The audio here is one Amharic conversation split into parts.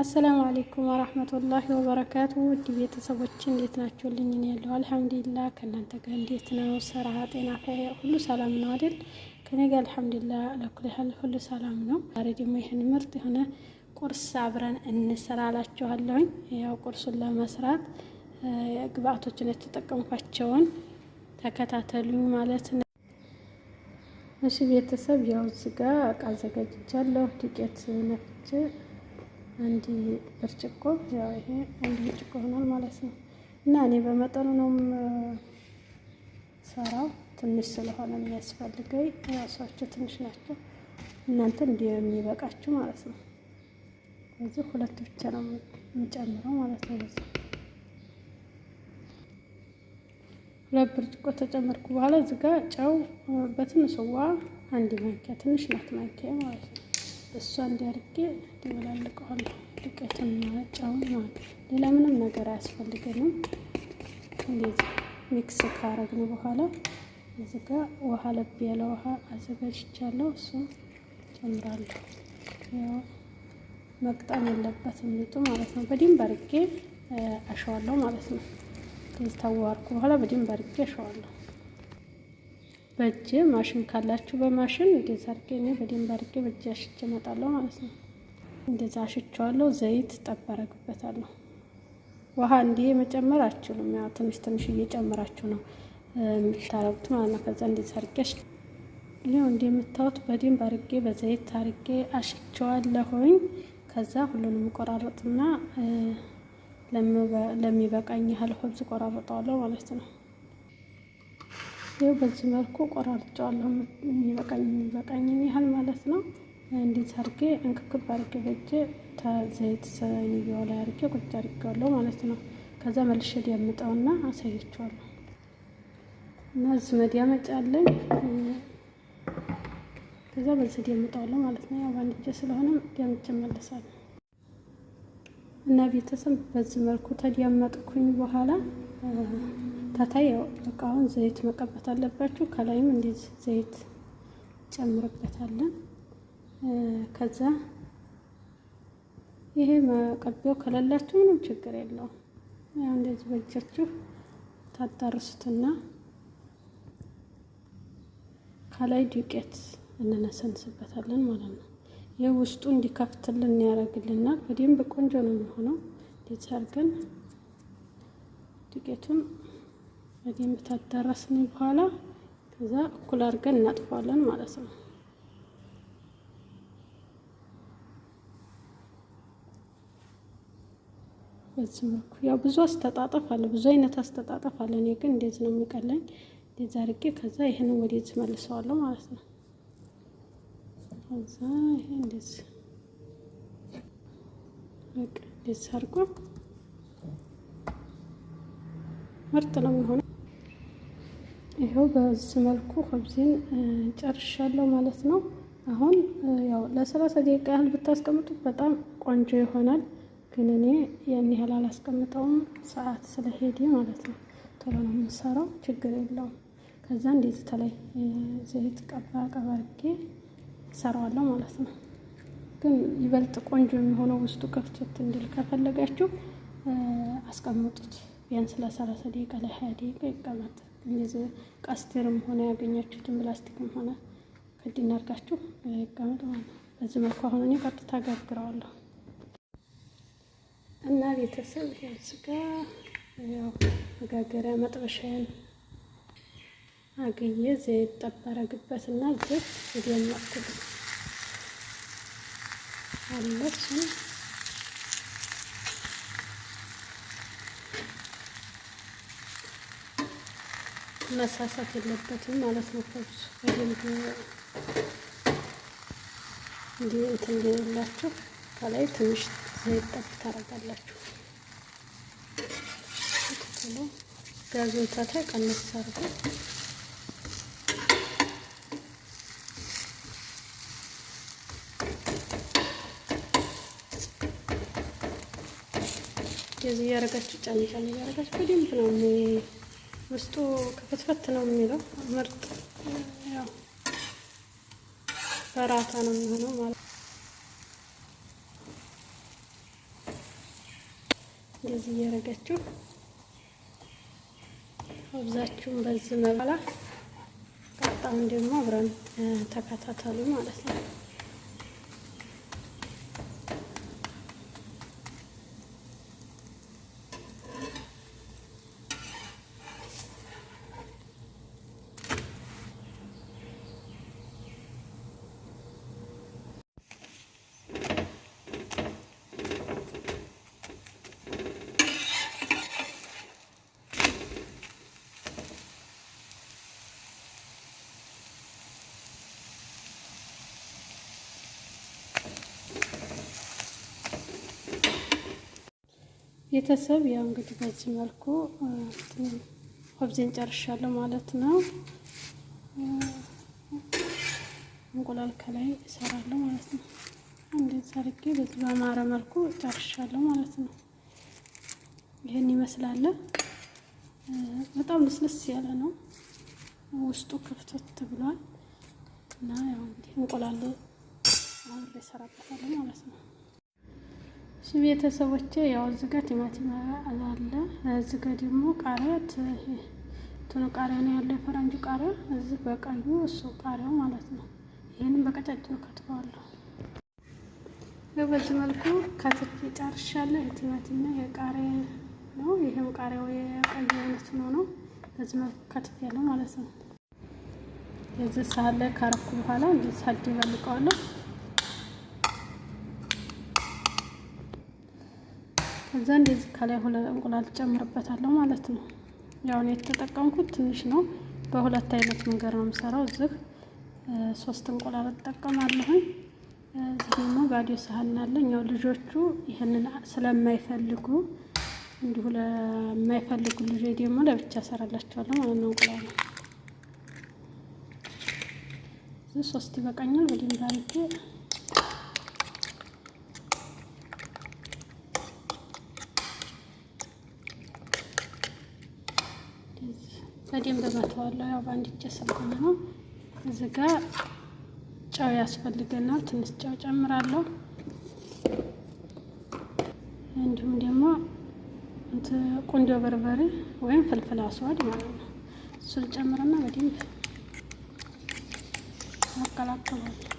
አሰላሙ አሌይኩም ወራህመቱላሂ ወበረካቱ። ውድ ቤተሰቦች እንዴት ናችሁልኝ? እኔ ያለሁ አልሐምዱሊላ። ከእናንተ ጋር እንዴት ነው? ስራ፣ ጤና፣ ሁሉ ሰላም ነው አይደል? ከኔ ጋር አልሐምዱሊላ ለኩልህል ሁሉ ሰላም ነው። ዛሬ ደግሞ ይህን ምርጥ የሆነ ቁርስ አብረን እንስራ ያው ቁርሱን ለመስራት ግብአቶችን የተጠቀምኳቸውን ተከታተሉኝ ማለት ነው። እሺ ቤተሰብ ያው እዚህ ጋር እቃ አዘጋጅቻለሁ ዱቄት ነፍቼ አንድ ብርጭቆ ያው ይሄ አንድ ብርጭቆ ሆኗል ማለት ነው። እና እኔ በመጠኑ ነው ሰራው ትንሽ ስለሆነ የሚያስፈልገኝ ራሳቸው ትንሽ ናቸው። እናንተ የሚበቃችሁ ማለት ነው። ስለዚህ ሁለት ብቻ ነው የምጨምረው ማለት ነው። በዚህ ሁለት ብርጭቆ ተጨመርኩ በኋላ እዚህ ጋር ጨው በትንሽ አንድ ማንኪያ ትንሽ ናት ማንኪያ ማለት ነው እሷ እንዲያርጌ ደበላልቀዋለሁ። ዱቄትና ጨው ማለት ሌላ ምንም ነገር አያስፈልገንም። እንደዚህ ሚክስ ካረግን በኋላ እዚ ጋ ውሃ ለብ ያለ ውሃ አዘጋጅቻለሁ። እሱ ጨምራለሁ። ያው መቅጠን የለበትም ሊጡ ማለት ነው። በደንብ አርጌ አሸዋለሁ ማለት ነው። እንደዚህ ታዋርኩ በኋላ በደንብ አርጌ አሸዋለሁ። በእጅ ማሽን ካላችሁ በማሽን እንደዛ አድርጌ እኔ በደንብ አድርጌ በእጅ አሽቼ እመጣለሁ ማለት ነው። እንደዛ አሽቸዋለሁ። ዘይት ጠብ አደርግበታለሁ። ውሃ እንዲህ መጨመር አችሉም። ያው ትንሽ ትንሽ እየጨመራችሁ ነው የምታረጉት ማለት ነው። ከዛ እንደዛ አድርጌ ይኸው እንደምታዩት በደንብ አድርጌ በዘይት አድርጌ አሽቸዋለሁኝ። ከዛ ሁሉንም ቆራረጥና ለሚበቃኝ ያህል ሆብዝ ቆራረጠዋለሁ ማለት ነው። ይኸው በዚህ መልኩ ቆራርጫዋለሁ የሚበቃኝ የሚበቃኝን ያህል ማለት ነው። እንዴት አርጌ እንክክብ አርጌ በእጄ ተዘይት ሰንያው ላይ አድርጌ ቁጭ አርጌዋለሁ ማለት ነው። ከዛ መልሼ ዳምጠውና አሳያችኋለሁ። እና እዚህ መዳመጫ አለኝ። ከዛ በዚህ ዳምጠዋለሁ ማለት ነው። ያው ባንድ እጄ ስለሆነ ዳምጬ መለሳለሁ። እና ቤተሰብ በዚህ መልኩ ተዲያመጥኩኝ በኋላ በተከታታይ ያው እቃውን ዘይት መቀባት አለባችሁ። ከላይም እንዴት ዘይት ጨምርበታለን። ከዛ ይሄ መቀቢያው ከሌላችሁ ምንም ችግር የለውም። ያው እንደዚህ በእጃችሁ ታዳርሱትና ከላይ ዱቄት እንነሰንስበታለን ማለት ነው። ይህ ውስጡ እንዲከፍትልን ያደርግልናል። በደንብ ቆንጆ ነው የሚሆነው። እንደዚህ አድርገን ዱቄቱን በደንብ ታዳረስን በኋላ ከዛ እኩል አድርገን እናጥፋለን ማለት ነው። በዚህ መልኩ ያው ብዙ አስተጣጠፍ አለ፣ ብዙ አይነት አስተጣጠፍ አለ። እኔ ግን እንዴት ነው የሚቀለኝ እንደዛ አድርጌ ከዛ ይህንን ወደዚህ መልሰዋለሁ ማለት ነው። ከዛ ይሄ እንደዚህ በቃ እንደዚህ አድርጎ ምርጥ ነው የሚሆነው። ይኸው በዚህ መልኩ ኸብዜን ጨርሻለሁ ማለት ነው። አሁን ያው ለሰላሳ ደቂቃ ያህል ብታስቀምጡት በጣም ቆንጆ ይሆናል። ግን እኔ ያን ያህል አላስቀምጠውም ሰዓት ስለሄደ ማለት ነው። ቶሎ ነው የምሰራው፣ ችግር የለውም። ከዛ እንዴት ተለይ ዘይት ቀባ ቀባ አድርጌ ማለት ነው። ግን ይበልጥ ቆንጆ የሚሆነው ውስጡ ክፍትት እንዲል ከፈለጋችሁ አስቀምጡት። ቢያንስ ለሰላሳ ደቂቃ ለሀያ ደቂቃ ይቀመጥ። እንደዚህ ቀስትርም ሆነ ያገኛችሁትን ፕላስቲክም ሆነ ከዲ እናርጋችሁ ይቀመጥ ማለት ነው። በዚህ መልኩ አሁን እኔ ቀጥታ ጋግረዋለሁ እና ቤተሰብ ስጋ ያው መጋገሪያ መጥበሻዬን አግዬ ዘይት ጠበረግበት እና ዘይት ወዲያ ማጥቶ መሳሳት የለበትም ማለት ነው። ከብሱ በደንብ እንዲህ እንትን ሊሆንላችሁ ከላይ ትንሽ ዘይት ጠብ ታደርጋላችሁ። ትሎ ጋዙን ታታይ ቀነስ አድርጎ የዚህ እያደረጋችሁ ጫን ጫን እያደረጋችሁ በደንብ ነው ውስጡ ከፈትፈት ነው የሚለው ምርጥ ያው በራታ ነው የሚሆነው ማለት እንደዚህ እያደረጋችሁ አብዛችሁም በዚህ መባላ ቀጣውን ደግሞ አብረን ተከታተሉ ማለት ነው። ቤተሰብ ያው እንግዲህ በዚህ መልኩ ሆብዜን ጨርሻለሁ ማለት ነው። እንቁላል ከላይ እሰራለሁ ማለት ነው። እንዴት ሰርጌ በዚህ በማረ መልኩ ጨርሻለሁ ማለት ነው። ይህን ይመስላል። በጣም ልስልስ ያለ ነው። ውስጡ ክፍቶት ብሏል እና ያው እንግዲህ እንቁላል አሁን ላይ እሰራበታለሁ ማለት ነው። እሺ ቤተሰቦቼ ያው እዚህ ጋር ቲማቲም አለ። እዚህ ጋር ደግሞ ቃሪያ እንትኑ ቃሪያ ነው ያለ የፈረንጁ ቃሪያ እዚህ በቀዩ እሱ ቃሪያው ማለት ነው። ይህንም በቀጫጭኑ ከትፈዋለሁ። በዚህ መልኩ ከትፍ ጨርሻለሁ። የቲማቲምና የቃሪያ ነው። ይህም ቃሪያው የቀዩ አይነት ነው ነው። በዚህ መልኩ ከትፍ ያለው ማለት ነው። የዚህ ሳለ ካረኩ በኋላ እንዲ ሳድ ይበልቀዋለሁ ከዛ እንደዚህ ከላይ እንቁላል ጨምርበታለሁ ማለት ነው። ያው እኔ የተጠቀምኩት ትንሽ ነው። በሁለት አይነት መንገድ ነው የምሰራው። እዚህ ሶስት እንቁላል እጠቀማለሁኝ። እዚህ ደግሞ ባዶ ሳህን አለኝ። ያው ልጆቹ ይህንን ስለማይፈልጉ እንዲሁ ለማይፈልጉ ልጆች ደግሞ ለብቻ እሰራላቸዋለሁ ማለት ነው። እንቁላል እዚህ ሶስት ይበቃኛል። ወዲህ እንዳርጌ በደንብ እመተዋለሁ። ያው በአንድ እጄ ስለሆነ ነው። እዚህ ጋ ጨው ያስፈልገናል። ትንሽ ጨው ጨምራለሁ። እንዲሁም ደግሞ ቁንዶ በርበሬ ወይም ፍልፍል አስዋድ ማለት ነው። እሱን ጨምርና በደንብ አቀላቅለዋለሁ።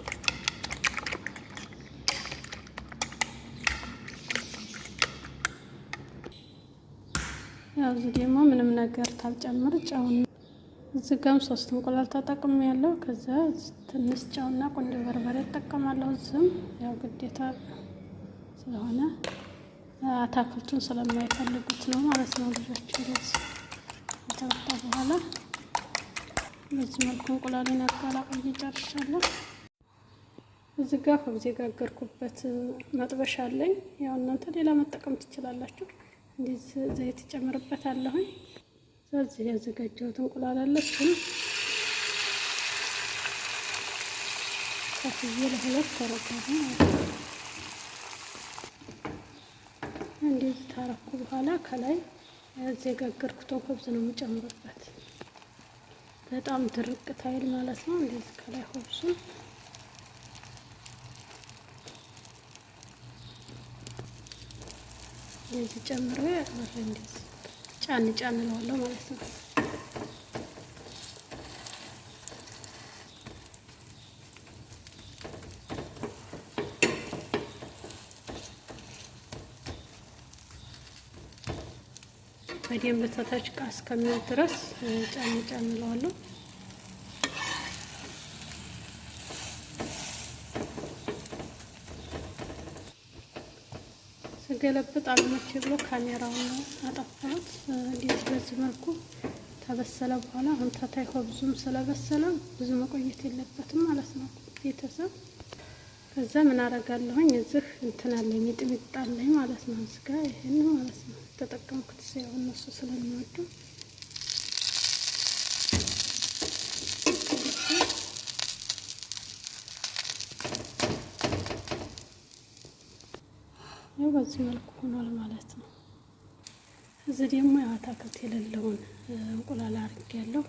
ያው እዚህ ደግሞ ምንም ነገር ታልጨምር ጨውን እዚህ ጋም ሶስት እንቁላል ተጠቅም ያለው ከዛ ትንሽ ጨውና ቁንዶ በርበሬ እጠቀማለሁ። እዚህም ያው ግዴታ ስለሆነ አታክልቱን ስለማይፈልጉት ነው ማለት ነው ልጆች። እንደዚ ከተበታ በኋላ በዚህ መልኩ እንቁላሌን አቀላቅዬ ጨርሻለሁ። እዚህ ጋር ከጊዜ ጋገርኩበት መጥበሻ አለኝ። ያው እናንተ ሌላ መጠቀም ትችላላችሁ። እንደዚህ ዘይት ጨምርበታለሁኝ። ስለዚህ ያዘጋጀሁት እንቁላል አለ እሱን ከፍዬ ለሁለት ተረጋሁ ማለት እንደዚህ ታረኩ በኋላ ከላይ ያዘጋገርኩትን ሆብዝ ነው የምጨምርበት። በጣም ድርቅ ታይል ማለት ነው። እንደዚህ ከላይ ሆብሱን እንደዚህ ጨምሬ እንደዚህ ጫን ጫን እለዋለሁ ማለት ነው። በደንብ ታች ቃ እስከሚወጥ ድረስ ጫን ጫን እለዋለሁ። ስገለብጥ አልመች ብሎ ካሜራውን አጠፋሁት። እንዴት በዚህ መልኩ ተበሰለ በኋላ አሁን ታታይ ሆብዙም ስለበሰለ ብዙ መቆየት የለበትም ማለት ነው ቤተሰብ። ከዛ ምን አረጋለሁኝ እዚህ እንትን አለኝ ሚጥሚጣ አለኝ ማለት ነው። ስጋ ይህን ማለት ነው ተጠቀምኩት። ሲሆን እነሱ ስለሚወዱ በዚህ መልኩ ሆኗል ማለት ነው። እዚህ ደግሞ አታክልት የሌለውን እንቁላል አርግ ያለው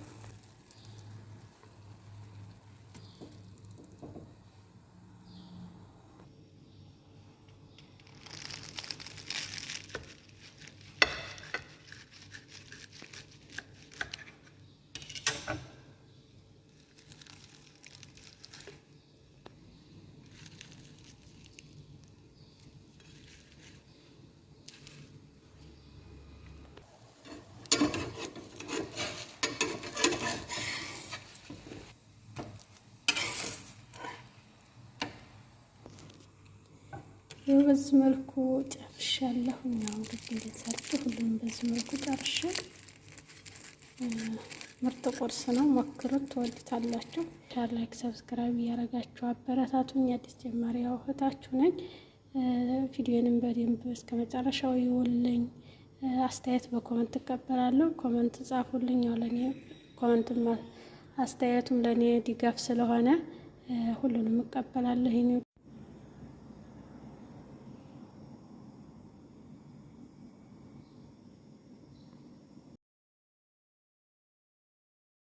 ይኸው በዚህ መልኩ ጨርሻለሁ። ያው እንግዲህ እንደሰርቱ ሁሉም በዚህ መልኩ ጨርሻ። ምርጥ ቁርስ ነው፣ ሞክሩት፣ ትወዱታላችሁ። ሻር፣ ላይክ፣ ሰብስክራይብ እያደረጋችሁ አበረታቱኝ። አዲስ ጀማሪ ያው እህታችሁ ነኝ። ቪዲዮንም በደንብ እስከ መጨረሻው ይውልኝ። አስተያየት በኮመንት እቀበላለሁ። ኮመንት ጻፉልኝ። ያው ለእኔ ኮመንትም አስተያየቱም ለእኔ ድጋፍ ስለሆነ ሁሉንም እቀበላለሁ።